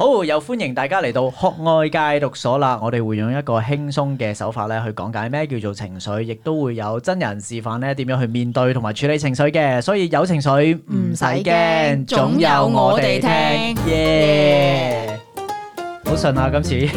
好，又歡迎大家嚟到學愛戒毒所啦！我哋會用一個輕鬆嘅手法呢去講解咩叫做情緒，亦都會有真人示範呢點樣去面對同埋處理情緒嘅，所以有情緒唔使驚，總有我哋聽。耶！好順啊，今次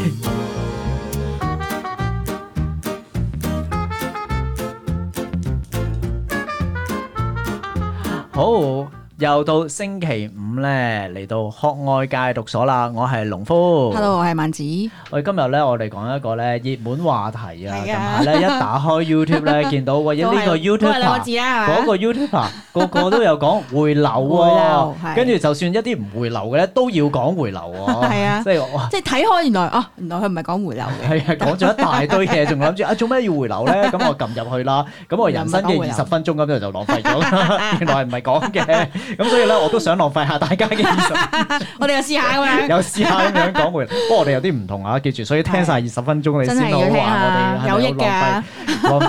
好。又到星期五咧，嚟到學愛戒毒所啦。我係農夫，Hello，我係萬子。我今日咧，我哋講一個咧熱門話題啊。近排咧一打開 YouTube 咧，見到哇，一呢個 YouTuber 嗰個 YouTuber 個個都有講回流啊，跟住就算一啲唔回流嘅咧，都要講回流喎。係啊，即係即係睇開，原來哦，原來佢唔係講回流嘅，係啊，講咗一大堆嘢，仲諗住啊，做咩要回流咧？咁我撳入去啦，咁我人生嘅二十分鐘咁樣就浪費咗啦。原來唔係講嘅。咁 所以咧，我都想浪費下大家嘅意十 我哋又試下㗎嘛，又試下咁樣講回。不過我哋有啲唔同啊，記住。所以聽晒二十分鐘你，你先好話我哋係咪有浪費有益浪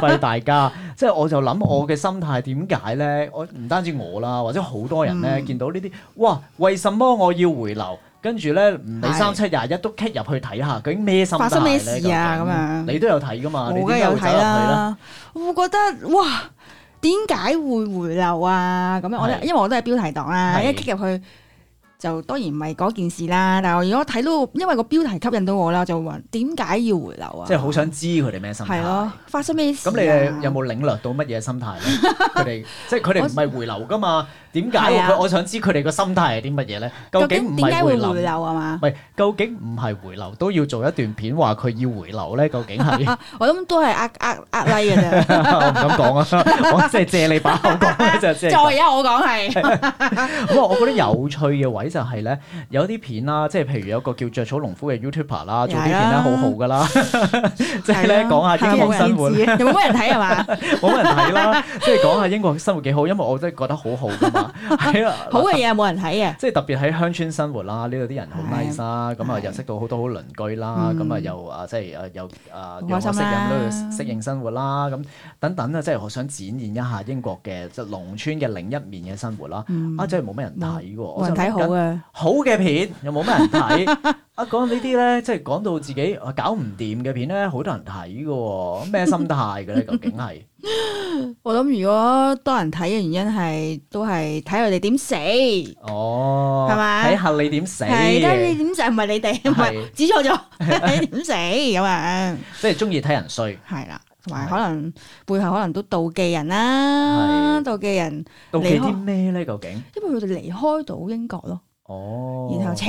費大家？ 即係我就諗我嘅心態點解咧？我唔單止我啦，或者好多人咧、嗯、見到呢啲，哇！為什麼我要回流？跟住咧，唔理三七廿一都棘入去睇下，究竟咩心態咧？發生咩事啊？咁竟樣你都有睇㗎嘛？我都有睇啦。會去我覺得哇！點解會回流啊？咁樣，我因為我都係標題黨啦、啊，的一 kick 入去。就當然唔係嗰件事啦，但係我如果睇到，因為個標題吸引到我啦，我就話點解要回流啊？即係好想知佢哋咩心態。係咯，發生咩事啊？咁你有冇領略到乜嘢心態咧？佢哋 即係佢哋唔係回流噶嘛？點解的我想知佢哋個心態係啲乜嘢咧？究竟點解會回流啊？嘛，唔，究竟唔係回流都要做一段片話佢要回流咧？究竟係 我諗都係呃呃呃拉㗎啫，唔敢講 啊！我即係借你把口講，就即係再而家我講係。哇！ 我覺得有趣嘅位。就係咧，有啲片啦，即係譬如有個叫著草農夫嘅 YouTuber 啦，做啲片咧好好㗎啦，即係咧講下英國生活，有冇咩人睇係嘛？冇咩人睇啦，即係講下英國生活幾好，因為我真係覺得好好㗎嘛，好嘅嘢冇人睇嘅，即係特別喺鄉村生活啦，呢度啲人好 nice 啦，咁啊又識到好多好鄰居啦，咁啊又啊即係又啊，學適應嗰度適應生活啦，咁等等即係我想展現一下英國嘅即係農村嘅另一面嘅生活啦，啊真係冇乜人睇喎，我真係～好嘅片又冇咩人睇，啊講呢啲咧，即係講到自己搞唔掂嘅片咧，好多人睇㗎，咩心態嘅咧？究竟係我諗，如果多人睇嘅原因係都係睇佢哋點死，哦，係咪睇下你點死？睇你點死唔係你哋，唔係指錯咗，你點死咁啊？即係中意睇人衰，係啦，同埋可能背後可能都妒忌人啦，妒忌人，妒忌啲咩咧？究竟？因為佢哋離開到英國咯。哦，然後扯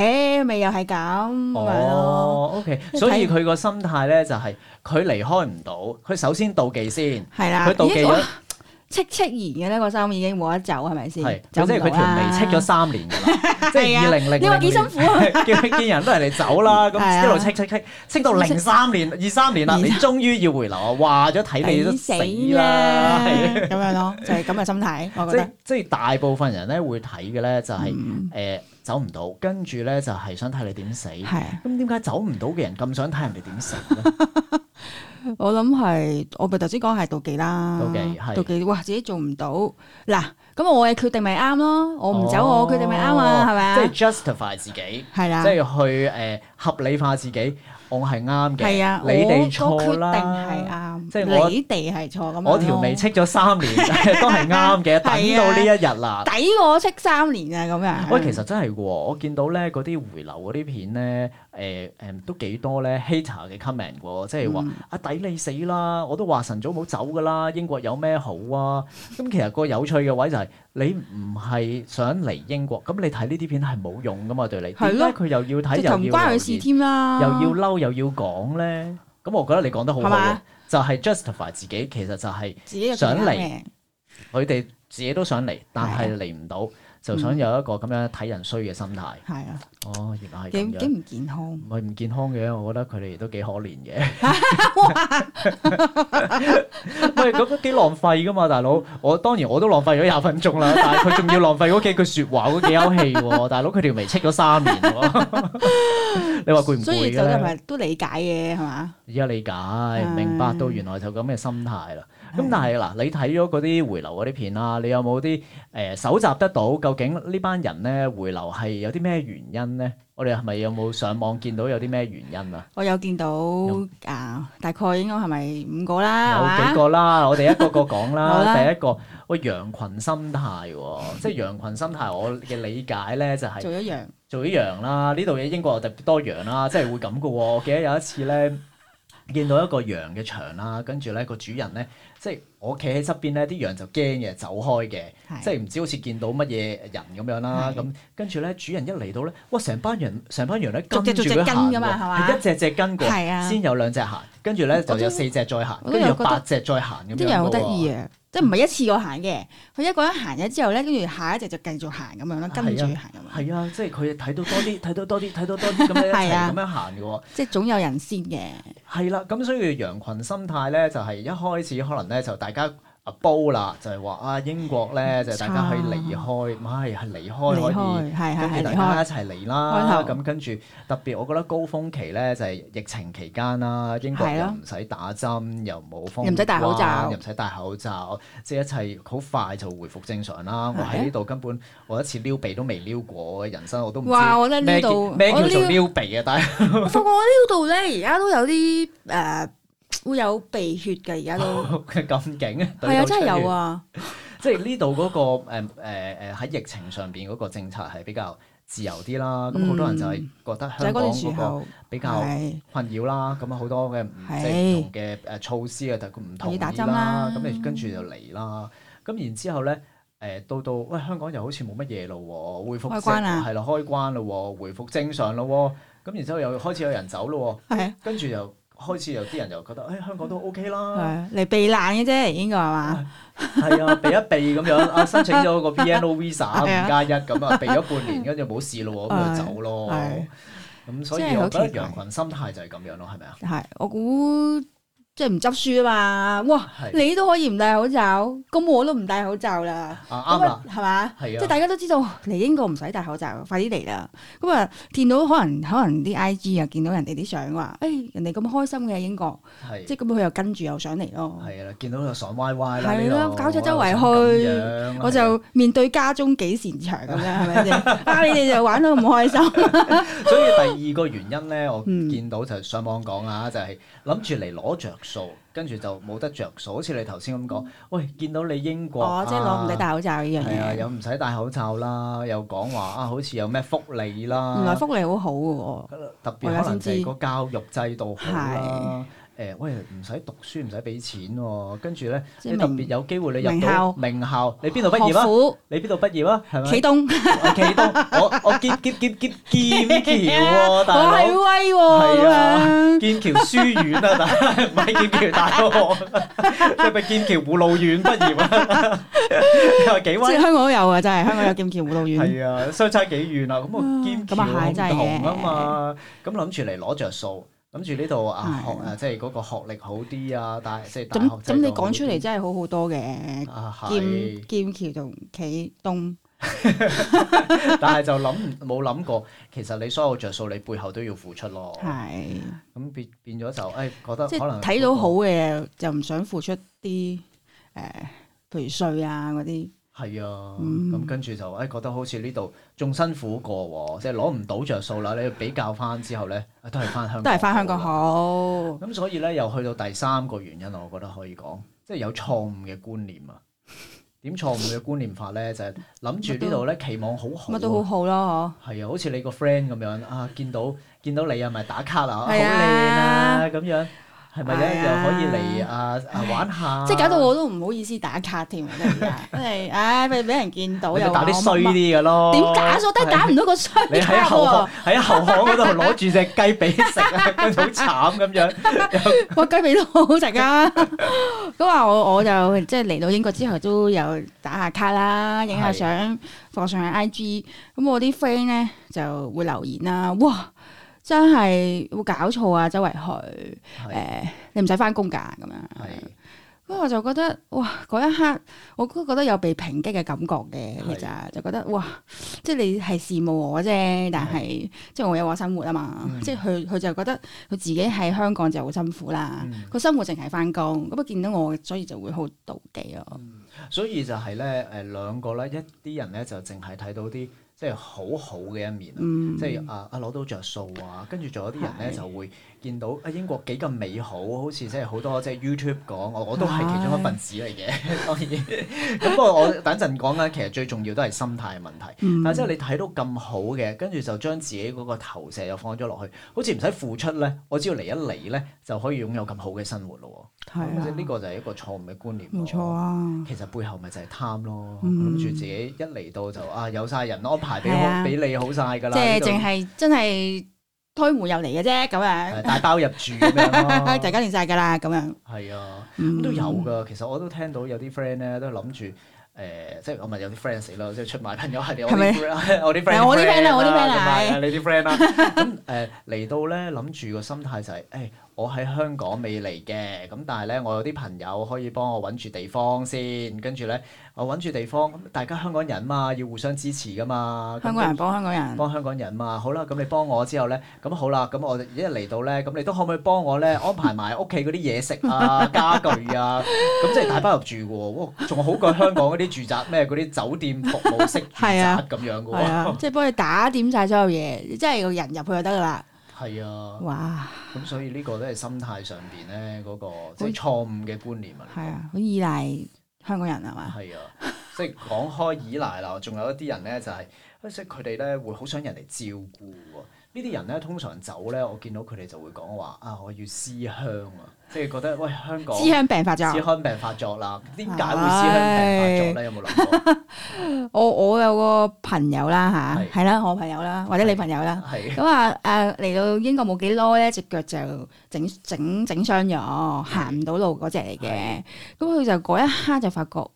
尾又係咁哦 OK。所以佢個心態咧，就係佢離開唔到，佢首先妒忌先係啦。佢妒忌咗，戚戚然嘅，咧個心已經冇得走，係咪先？係，即係佢條眉戚咗三年噶啦，即係二零零。你話幾辛苦，見見人都係你走啦，咁一路戚戚戚，戚到零三年、二三年啦，你終於要回流啊！哇，咁睇你都死啦，咁樣咯，就係咁嘅心態。我覺得即係大部分人咧會睇嘅咧就係誒。走唔到，跟住咧就係想睇你點死。係、啊，咁點解走唔到嘅人咁想睇人哋點死咧？ 我諗係我咪頭先講係妒忌啦，妒忌，妒忌，哇！自己做唔到，嗱，咁我嘅決定咪啱咯？我唔走，哦、我決定咪啱啊？係咪啊？即係 justify 自己，係啦、啊，即係去誒、呃、合理化自己。我係啱嘅，你哋錯啦。即係你哋係錯咁樣。我條眉戚咗三年都係啱嘅，等到呢一日啦。抵我戚三年啊！咁樣。喂，其實真係喎，我見到咧嗰啲回流嗰啲片咧，誒誒都幾多咧 hater 嘅 comment 喎，即係話啊抵你死啦！我都話晨早冇走噶啦，英國有咩好啊？咁其實個有趣嘅位就係你唔係想嚟英國，咁你睇呢啲片係冇用噶嘛？對你，點解佢又要睇？又唔關佢事添啦，又要嬲。又要講咧，咁我覺得你講得好好嘅吧，就係 justify 自己，其實就係想嚟，佢哋自己都想嚟，但係嚟唔到。就想有一個咁樣睇人衰嘅心態。係啊、嗯，哦，原來係咁樣。幾幾唔健康。唔係唔健康嘅，我覺得佢哋都幾可憐嘅。喂 哇，咁 都幾 浪費㗎嘛，大佬！我當然我都浪費咗廿分鐘啦，但係佢仲要浪費嗰幾句説話嗰 幾口氣喎， 大佬佢條眉戚咗三年喎。 你話攰唔攰咧？所以就係咪都理解嘅係嘛？而家理解明白到原來就咁嘅心態啦。白白咁但係嗱，你睇咗嗰啲回流嗰啲片啊？你有冇啲誒搜集得到？究竟呢班人咧回流係有啲咩原因咧？我哋係咪有冇上網見到有啲咩原因啊？我有見到用 啊，大概應該係咪五個啦？有幾個啦？我哋一個個講啦。 啦第一個喂、哎、羊群心態喎、哦，即係羊群心態。我嘅理解咧就係、是、做一羊， 做，一羊做一羊啦。呢度嘢英國特別多羊啦，即係會咁嘅喎。我記得有一次咧。見到一個羊嘅場啦，跟住咧個主人咧，即係我企喺側邊咧，啲羊就驚嘅，走開嘅，即係唔知好似見到乜嘢人咁樣啦。咁跟住咧主人一嚟到咧，哇！成班羊，成班羊咧跟住跟行咯，係一隻隻跟啊，先有兩隻行，跟住咧就有四隻再行，跟住有八隻再行咁樣好得意啊。即係唔係一次過行嘅，佢一個人行咗之後咧，跟住下一隻就繼續行咁樣啦，跟住行咁樣。係啊，即係佢睇到多啲，睇 到多啲，睇到多啲咁樣一齊咁樣行嘅，即係總有人先嘅。係啦、啊，咁所以羊群心態咧，就係、是、一開始可能咧就大家。啊煲啦，就係話啊英國咧，就係大家可以離開，唔係係離開可以，跟住大家一齊嚟啦。咁跟住特別，我覺得高峰期咧就係疫情期間啦，英國又唔使打針，又冇封關，唔使戴口罩，唔使戴口罩，即係一切好快就回復正常啦。我喺呢度根本我一次撩鼻都未撩過，人生我都唔知，哇，我咧呢度，咩叫做撩鼻啊？但係我呢度咧而家都有啲誒。會有鼻血嘅而家都咁勁，係啊，真係有啊！即係呢度嗰個誒誒誒喺疫情上邊嗰個政策係比較自由啲啦。咁好多人就係覺得香港比較困擾啦。咁啊，好多嘅唔認同嘅誒措施啊，就佢唔同意打針，啦。咁你跟住就嚟啦。咁然之後咧，誒，到到喂香港又好似冇乜嘢咯，恢復係咯，開關咯，回復正常咯。咁然之後又開始有人走咯。係，跟住又開始有啲人就覺得，誒、哎、香港都 OK 啦，嚟避難嘅啫，應該係嘛？係啊，避一避咁樣， 申請咗個 BNO Visa 五加一咁啊，避咗半年，跟住冇事咯，咁的就走咯。咁的所以我覺得羊群心態就係咁樣咯，係咪啊？係，我估。即係唔執輸啊嘛，哇！你都可以唔戴口罩，咁我都唔戴口罩啦。啱啊，係嘛？即係大家都知道嚟英國唔使戴口罩，快啲嚟啦！咁啊，見到可能可能啲 IG 啊，見到人哋啲相話，誒人哋咁開心嘅英國，即係咁佢又跟住又上嚟咯。係啊，見到又爽歪歪啦。係咯，搞咗周圍去，我就面對家中幾擅長咁樣，係咪先？啊，你哋就玩到咁開心。所以第二個原因咧，我見到就上網講嚇，就係諗住嚟攞著。數，跟住就冇得着數，好似你頭先咁講。喂，見到你英國啊，即係攞唔使戴口罩依樣嘢。係啊，又唔使戴口罩啦，又講話啊，好似有咩福利啦。原來福利好好嘅喎，特別可能就係個教育制度好啊誒，喂，唔使讀書，唔使俾錢，跟住咧，你特別有機會你入到名校，你邊度畢業啊？你邊度畢業啊？起東，我起東，我我劍劍劍劍劍橋喎，大佬，係啊，劍橋書院啊，大佬，唔係劍橋大學，你係咪劍橋護老院畢業啊？你話幾威？香港都有啊，真係，香港有劍橋護老院。係啊，相差幾遠啊？咁個劍橋唔同啊嘛，咁諗住嚟攞著數。諗住呢度啊，學、就是、學啊，即係嗰個學歷好啲、嗯、啊，但大即係大學，咁你講出嚟真係好好多嘅，劍劍橋同企東， 但係就諗冇諗過，其實你所有着數，你背後都要付出咯。係是，咁變變咗就誒、哎，覺得即係可能睇到好嘅，就唔想付出啲誒，譬如稅、呃、啊嗰啲。係啊，咁、嗯、跟住就誒覺得好似呢度仲辛苦過喎，哦，即係攞唔到着數啦。你要比較返之後咧，都係返香港，都係返香港好。咁所以咧，又去到第三個原因，我覺得可以講，即、就、係、是、有錯誤嘅觀念啊。點 錯誤嘅觀念法咧，就係諗住呢度咧， 期望好好，乜都好好咯，嗬。係啊，好似你個 friend 咁樣啊，見到見到你啊，咪、就是、打卡啊，好靚啊，咁、啊啊啊、樣。係咪咧？又、哎、呀可以嚟啊，啊玩下啊，即係搞到我都唔好意思打卡添，真係唉，俾俾人見到又打啲衰啲嘅咯，點的打都得、啊，打唔到個衰啲嘅喎。喺後巷嗰度攞住隻雞髀食啊，佢好 慘咁樣。哇，雞髀都好好食噶。咁啊， 我我就即係嚟到英國之後都有打下卡啦，影下相放上去 IG。咁我啲 friend 咧就會留言啦，哇！真係會搞錯啊！周圍去誒的、呃，你唔使翻工噶咁樣。咁的我就覺得哇，嗰一刻我都覺得有被抨擊嘅感覺嘅，其實的就覺得哇，即係你係羨慕我啫。但係的即係我有我生活啊嘛。嗯、即係佢佢就覺得佢自己喺香港就好辛苦啦。個、嗯、生活淨係翻工咁，佢見到我所以就會好妒忌咯、嗯。所以就係咧誒，兩個咧一啲人咧就淨係睇到啲。即係好好嘅一面，嗯、即係啊啊攞到着數啊，跟住仲有啲人咧的就會。見到啊英國幾咁美好，好似即係好多即係 YouTube 講，我我都係其中一份子嚟嘅，當然。咁不過我等陣講咧，其實最重要都係心態問題。但係即係你睇到咁好嘅，跟住就將自己嗰個投射又放咗落去，好似唔使付出咧，我只要嚟一嚟咧，就可以擁有咁好嘅生活咯。係、啊、即呢個就係一個錯誤嘅觀念。唔錯啊，其實背後咪就係貪咯，諗住、嗯、自己一嚟到就啊有晒人安排俾俾、啊、你好晒㗎啦。即係淨係真係 是。推門又嚟嘅啫，咁樣大包入住咁樣，大家掂晒噶啦，咁樣係啊，都有噶。其實我都聽到有啲 friend 咧都諗住，誒，即係我咪有啲 friend 死咯，即係出賣朋友係你屋企我啲 friend，我啲 friend 啦，出賣啊你啲 friend 啦。咁誒嚟到咧諗住個心態就係誒。我喺香港未嚟嘅，咁但係咧，我有啲朋友可以幫我揾住地方先，跟住咧，我揾住地方大家香港人嘛，要互相支持噶嘛。香港人你幫香港人，幫香港人嘛。好啦，咁你幫我之後咧，咁好啦，咁我一嚟到咧，咁你都可唔可以幫我咧安排埋屋企嗰啲嘢食啊、 家具啊？咁即係大包入住喎，哇、哦！仲好過香港嗰啲住宅咩，嗰啲酒店服務式住宅， 咁樣嘅喎。係即係幫你打點晒所有嘢，即係個人入去就得噶啦。係 啊。哇！咁所以呢個都係心態上邊咧嗰個即係、就是、錯誤嘅觀念很說啊，係啊，好依賴香港人係嘛？係啊， 啊，即係講開依賴啦，仲有一啲人咧就係、是，即係佢哋咧會好想人嚟照顧喎。呢啲人咧通常走咧，我見到佢哋就會講話啊，我要思鄉啊。即係覺得喂，香港思鄉病發作，思鄉病發作啦！點解會思鄉病發作咧？有冇諗過？我我有個朋友啦，嚇係啦，我朋友啦，或者你朋友啦，咁啊誒嚟到英國冇幾耐咧，隻腳就整整整傷咗，行唔到路嗰隻嚟嘅。咁佢就嗰一刻就發覺，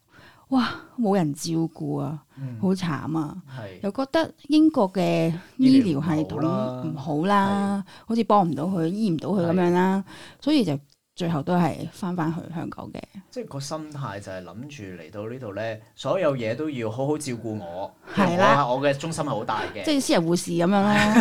哇！冇人照顧啊，好慘啊！又覺得英國嘅醫療系統唔好啦，好似幫唔到佢，醫唔到佢咁樣啦，所以就～最後都係翻返去香港嘅。即係個心態就係諗住嚟到呢度咧，所有嘢都要好好照顧我。係啦，吧我嘅中心係好大嘅。即係、就係、私人護士咁樣啦。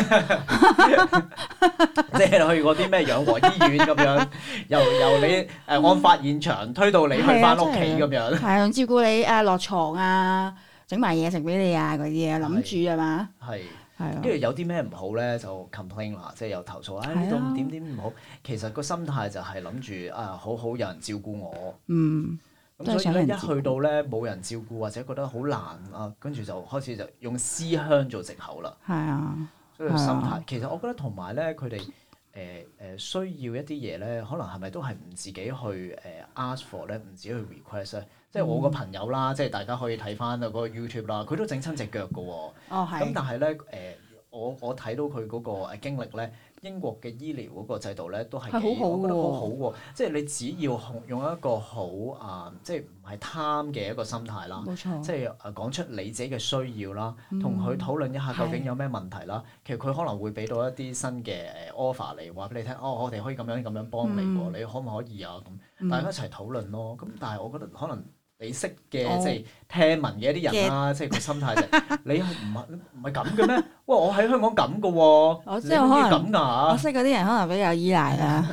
即係去嗰啲咩養和醫院咁樣，由由你誒案發現場推到你、嗯、去翻屋企咁樣。係啊，照顧你誒落、啊、床啊。整埋嘢食俾你啊！嗰啲嘢諗住係嘛？係係，跟住有啲咩唔好咧，就 complain 啦，即係又投訴啊，呢度點點唔好。其實個心態就係諗住啊，好好有人照顧我。嗯，咁所以咧一去到咧冇人照顧或者覺得好難啊，跟住就開始就用思鄉做藉口啦。係啊，所以個心態其實我覺得同埋咧，佢哋誒誒需要一啲嘢咧，可能係咪都係唔自己去誒 ask for 咧，唔自己去 request 咧？即係我個朋友啦，即係大家可以睇翻嗰個 YouTube 啦，佢都整親隻腳嘅喎、喔。咁、哦嗯、但係呢，誒、呃，我我睇到佢嗰個誒經歷咧，英國嘅醫療嗰個制度呢，都係好、啊、好嘅喎。好好喎。即係你只要用一個好啊、呃，即係唔係貪嘅一個心態啦。冇錯。即係誒講出你自己嘅需要啦，同佢討論一下究竟有咩問題啦。係。其實佢可能會俾到一啲新嘅 offer 嚟話俾你聽，哦，我哋可以咁樣咁樣幫你喎，嗯、你可唔可以啊？咁、嗯、大家一齊討論咯。咁但係我覺得可能。你識嘅即係聽聞嘅一啲人啦，即係個心態就你唔係唔係咁嘅咩？喂！我喺香港咁嘅喎，即係可以咁噶嚇？我識嗰啲人可能比較依賴啦。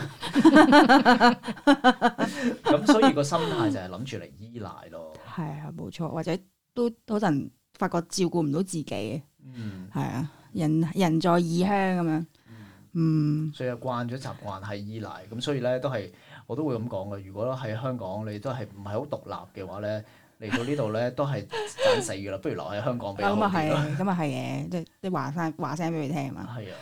咁所以個心態就係諗住嚟依賴咯。係啊，冇錯，或者都好多人發覺照顧唔到自己。嗯，係啊，人人在異鄉咁樣。嗯，所以慣咗習慣係依賴，咁所以咧都係。我都會咁講嘅。如果喺香港，你都係唔係好獨立嘅話咧，嚟到呢度咧都係賺死嘅啦。不如留喺香港。嗯。咁啊係，咁啊係嘅。即即話翻話聲俾佢聽啊。係啊。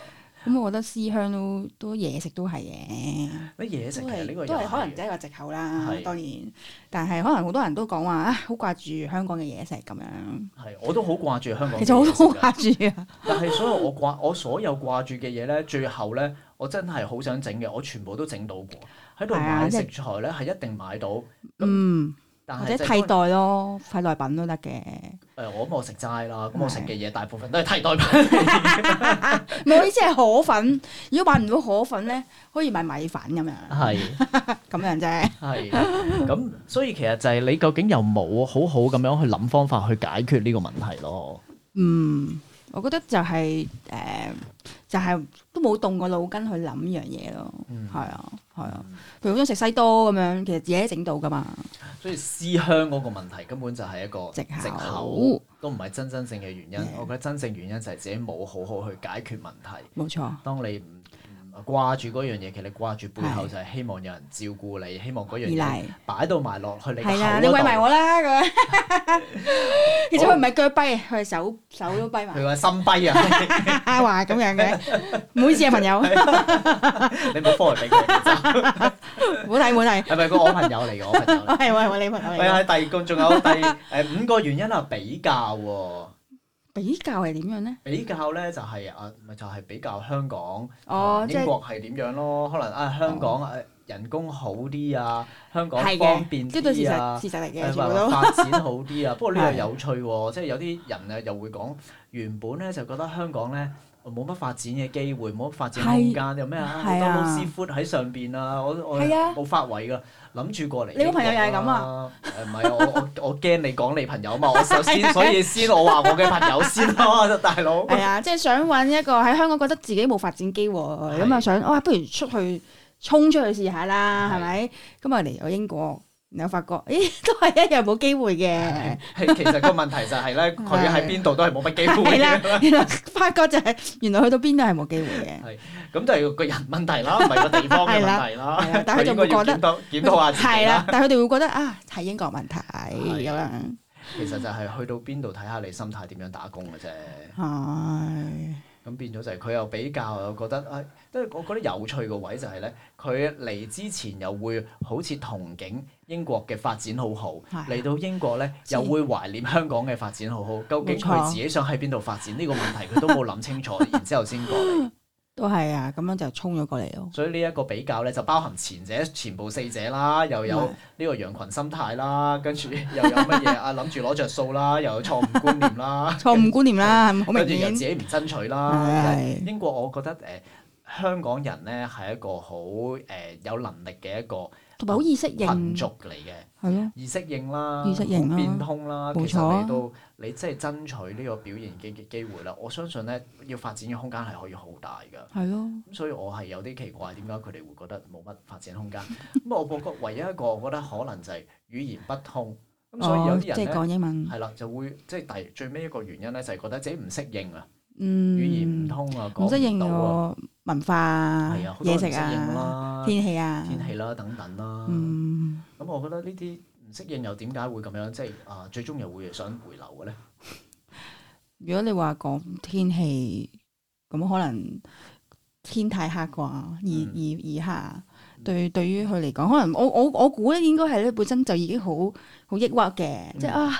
咁的、嗯、我覺得思鄉都都嘢食都係嘅。咩嘢食？都係因為可能只係個藉口啦。當然，的但係可能好多人都講話啊，好掛住香港嘅嘢食咁樣。係，我都好掛住香港嘅嘢食的。其實我都好掛住啊。 但係所有我掛我所有掛住嘅嘢咧，最後咧，我真係好想整嘅，我全部都整到過。喺度買食材咧，係一定買到。嗯，或者替代咯，替代品都得嘅。誒，我咁我食齋啦，咁我食嘅嘢大部分都係替代品。唔好意思，係河粉。如果買唔到河粉咧，可以買米粉咁樣。係咁樣啫。係。咁所以其實就係你究竟有冇好好咁樣去諗方法去解決呢個問題咯。嗯。我覺得就係、是、誒、呃，就係、是、都冇動過腦筋去諗呢樣嘢咯，係、嗯、啊，係啊，譬如好想食西多咁樣，其實自己整到㗎嘛。所以思鄉嗰個問題根本就係一個藉口，藉口都唔係真真正嘅原因。Yeah. 我覺得真正原因就係自己冇好好去解決問題。冇錯。當你唔掛住嗰樣嘢，其實掛住背後就係希望有人照顧你，的希望嗰樣嘢擺到埋落去你口嗰度。係啦，你餵埋我啦咁樣。 其實佢唔係腳跛，佢係手手都跛埋。佢話心跛啊，話 咁、啊、樣嘅。唔好意思啊 的朋友，的你唔好慌嚟俾佢。唔好睇，唔好睇。係咪個我朋友嚟嘅？我朋友。嚟？ 係，係，咪？你朋友嚟。係啊，第二個，仲有第五個原因啊，比較。比較係點樣咧？比較咧就係、是、啊，咪就係、是、比較香港、哦、英國係點樣咯？可能啊、哎，香港啊、哦、人工好啲啊，香港方便啲啊，或者發展好啲啊。不過呢個有趣喎，的即係有啲人咧又會講原本咧就覺得香港咧。冇乜發展嘅機會，冇乜發展空間，係有咩啊？好多老師傅喺上邊啊！ 我我冇發圍噶，諗住過嚟。你個朋友又係咁啊？唔係我我我驚你講你朋友嘛？ 我首先所以先我話我嘅朋友先咯， 大佬。係啊，即係想揾一個喺香港覺得自己冇發展機會，咁啊想啊，不如出去衝出去試下啦，係咪？咁啊嚟到英國。有發覺，咦，都係一樣冇機會嘅。係 其實個問題就係、是、咧，佢喺邊度都係冇乜機會。係 啦，原來發覺就係、是、原來去到邊度係冇機會嘅。係。咁就係個人問題啦，唔係個地方嘅問題啦。係 啦，但佢就會覺得檢討下自己啦。係啦，但佢哋會覺得啊，係英國問題咁樣。其實就係去到邊度睇下你心態點樣打工嘅啫。係。 咁變咗就係佢又比較，又覺得啊，都、哎、係我覺得有趣個位就係咧，佢嚟之前又會好似憧憬英國嘅發展好好，嚟的到英國咧又會懷念香港嘅發展好好。究竟佢自己想喺邊度發展呢沒錯 個問題，佢都冇諗清楚， 然之後先過嚟。都係啊，咁樣就衝咗過嚟咯。所以呢一個比較咧，就包含前者前部四者啦，又有呢個羊群心態啦， 跟住又有乜嘢啊諗住攞着數啦，又有錯誤觀念啦，錯誤 觀念啦，係咪？跟住又自己唔爭取啦。英國，我覺得誒、呃，香港人咧係一個好誒有能力嘅一個。好易適應，民族嚟嘅，的易適應啦，好、啊、變通啦。錯啊、其實嚟到你即係爭取呢個表現嘅機會啦。我相信咧，要發展嘅空間係可以好大噶。咁的、啊、所以我係有啲奇怪，點解佢哋會覺得冇乜發展空間？咁 我覺得唯一一個我覺得可能就係語言不通。咁、 嗯、所以有啲人咧即係講英文，係啦，就會即係第最尾一個原因咧，就係覺得自己唔適應啊。嗯，語言唔通啊，講唔到啊，文化啊，嘢食啊，天氣啊，天氣啦，等等啦。嗯，咁我覺得呢啲唔適應又點解會咁樣？即係啊，最終又會想回流嘅咧。如果你話講天氣，咁可能天太黑啩，而而而下，對對於佢嚟講，可能我我我估咧，應該係咧本身就已經好好抑鬱嘅，即係啊。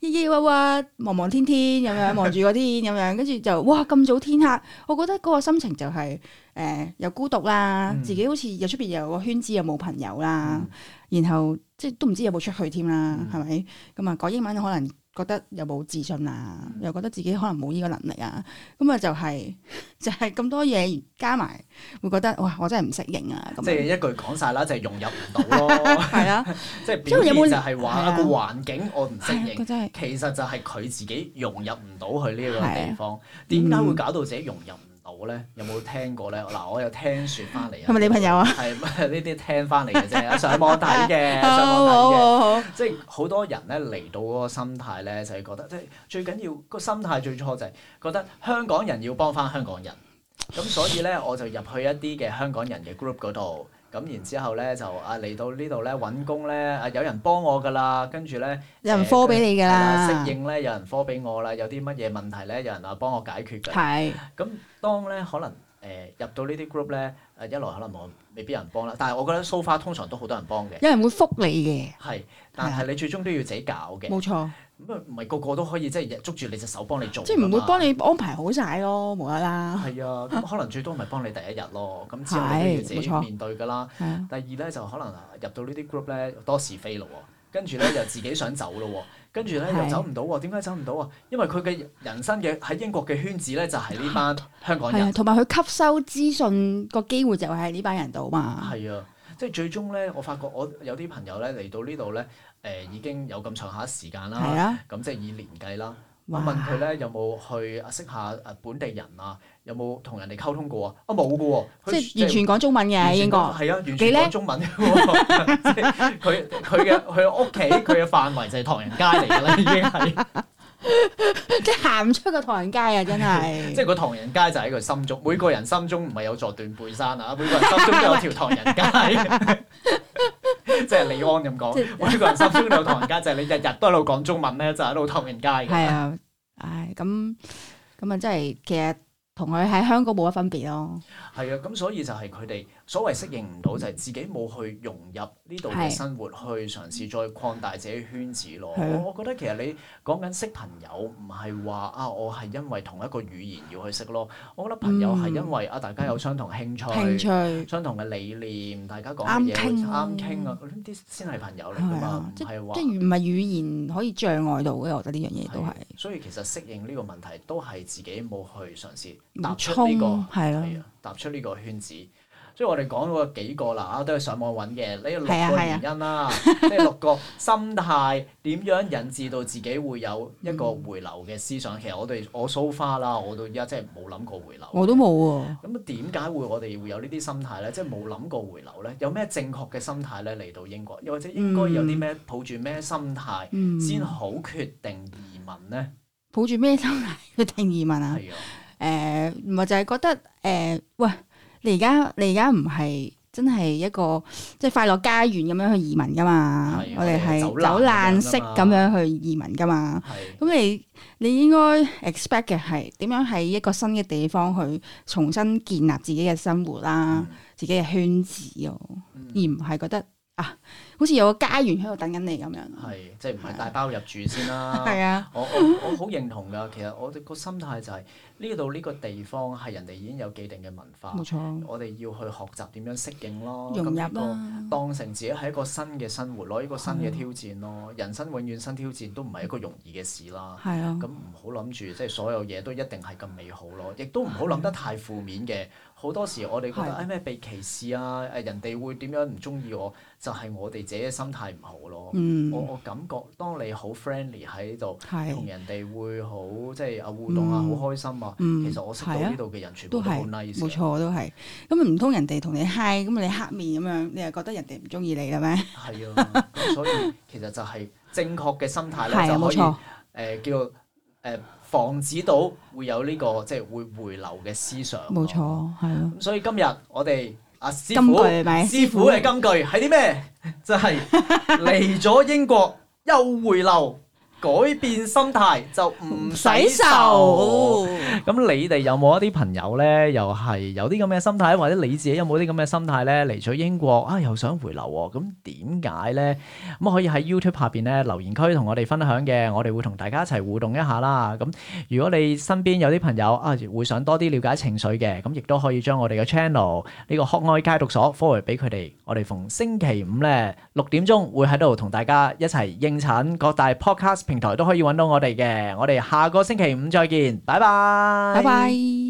咿咿哇哇，望望天天咁樣望住個天咁樣，跟住就哇咁早天黑，我覺得嗰個心情就係誒又孤獨啦，嗯、自己好似又出邊又有個圈子又冇朋友啦，嗯、然後即係都唔知有冇出去添啦，係咪咁啊？講英文可能。覺得有冇自信啊，又覺得自己可能冇呢個能力啊，咁啊就係、是、就係、是、咁多嘢加埋，會覺得哇我真係唔適應、就是、 啊！ 即係一句講晒啦，就係融入唔到咯。係啊，即係表面就係話個環境我唔適應。其實就係佢自己融入唔到去呢個地方，點解、 啊、會搞到自己融入唔到？我咧有冇聽過咧？嗱，我有聽説翻嚟，係咪你朋友啊？係，呢啲聽翻嚟嘅啫，上網睇嘅，上網睇嘅。 即係好多人咧嚟到嗰個心態咧，就係、是、覺得即係最緊要、個心態最初就係覺得香港人要幫翻香港人。咁所以咧，我就入去一啲嘅香港人嘅 group 嗰度。咁然之後咧就啊嚟到呢度咧揾工咧啊有人幫我㗎啦，跟住咧有人科俾你㗎啦，適應咧有人科俾我啦，有啲乜嘢問題咧有人話幫我解決嘅。係是。咁當咧可能誒、呃、入到呢啲 group 咧，一來可能我未必有人幫啦，但係我覺得 so far 通常都好多人幫嘅。有人會覆你嘅。係，但係你最終都要自己搞嘅。冇錯。咁唔係個個都可以即係捉住你隻手幫你做，即係唔會幫你安排好晒咯，冇啦啦。係啊，咁 可能最多咪幫你第一日咯，咁之後你要自己面對噶啦。 啊、第二咧就可能入到呢啲 group 咧多是非咯，跟住咧又自己想走咯，跟住咧又走唔到喎。點解走唔到啊？因為佢嘅人生嘅喺英國嘅圈子咧就係、是、呢班香港人，同埋佢吸收資訊個機會就喺呢班人度嘛。係啊，即係最終咧，我發覺我有啲朋友咧嚟到呢度咧。誒，已經有咁長下時間啦，咁、啊、即係以年計啦。哇我問佢咧，有冇去識下本地人啊？有冇同人哋溝通過啊？啊，冇㗎喎，即係完全講中文嘅呢個。係哥啊，完全講中文嘅喎。佢佢嘅佢屋企佢嘅範圍就係唐人街嚟㗎啦，已經係。 即係行唔出個唐人街啊！真係 即係個唐人街就喺個心中，每個人心中唔係有座斷背山啊，每個人心中都有條唐人街。即係李安咁講，每個人心中都有唐人街， 就係你日日都喺度講中文咧， 就喺度唐人街。係啊，唉、哎，咁咁 啊，真係其實同佢喺香港冇乜分別咯。係啊，咁所以就係佢哋。所謂適應唔到就係、是、自己冇去融入呢度嘅生活，去嘗試再擴大自己圈子咯。的我覺得其實你講緊識朋友，唔係話啊，我係因為同一個語言要去識咯。我覺得朋友係因為啊，大家有相同興趣、嗯、相同嘅理念，趣大家講嘢啱傾、啱傾談啊，呢啲先係朋友嚟㗎嘛，唔係話即係唔係語言可以障礙到嘅。我覺得呢樣嘢都係，所以其實適應呢個問題都係自己冇去嘗試踏衝出呢、這個係咯，踏出呢個圈子。即係我哋講咗幾個啦，啊，都係上網揾嘅呢六個原因啦，即係、啊啊、 六個心態點樣引致到自己會有一個回流嘅思想。嗯、其實我哋我 so far 啦，我到而家真係冇諗過回流。我都冇喎。咁點解會我哋會有呢啲心態咧？即係冇諗過回流咧？有咩正確嘅心態咧嚟到英國？又或者應該有啲咩抱住咩心態先好決定移民咧？抱住咩心態決定移民啊？誒的，咪、呃、就係、是、覺得誒、呃，喂。你而家你而家唔係真係一個即係快樂家園咁樣去移民㗎嘛？是我哋係走難式咁樣去移民㗎嘛？咁是你你應該 expect 嘅係點樣喺一個新嘅地方去重新建立自己嘅生活啦，嗯、自己嘅圈子哦、啊，嗯、而唔係覺得啊，好似有個家園喺度等緊你咁樣。係即係唔係大包入住先啦？係是啊， 啊我我我，我好認同㗎。其實我哋個心態就係、是。呢度呢個地方係人哋已經有既定嘅文化，冇錯。我哋要去學習點樣適應咯，咁樣咯，當成自己係一個新嘅生活咯，一個新嘅挑戰咯，嗯、人生永遠新挑戰都唔係一個容易嘅事啦。咁唔好諗住即係所有嘢都一定係咁美好咯，亦都唔好諗得太負面嘅。嗯嗯好多時我哋覺得誒咩的、哎、被歧視啊誒人哋會點樣唔中意我，就係、是、我哋自己嘅心態唔好咯。嗯、我我感覺當你好 friendly 喺度，同的人哋會好即係啊互動啊，好、嗯、開心啊。其實我識到呢度嘅人全部都好 nice 嘅。冇錯、嗯，我都、嗯、係。咁唔通人哋同你嗨，i g 咁你黑面咁樣，你又覺得人哋唔中意你嘅咩？係啊，所以其實就係正確嘅心態咧、嗯、就可以誒錯、呃、叫誒。呃叫呃呃叫呃呃呃呃防止到會有呢、呢個即係會回流嘅思想。冇錯，係咯。所以今日我哋阿、啊、師傅師傅嘅金句係啲咩？ 就係嚟咗英國又回流。改變心態就唔使受。咁你哋有冇一啲朋友呢，又係有啲咁嘅心態，或者你自己有冇啲咁嘅心態呢？嚟咗英國啊，又想回流喎。咁點解呢？咁可以喺 YouTube 下邊呢留言區同我哋分享嘅，我哋會同大家一齊互動一下啦。咁如果你身邊有啲朋友啊，會想多啲了解情緒嘅，咁亦都可以將我哋嘅 channel 呢個學愛戒毒所 forward 俾佢哋。我哋逢星期五呢六點鐘會喺度同大家一齊應診各大 podcast。平台都可以搵到我哋嘅。我哋下個星期五再見，拜拜，拜拜。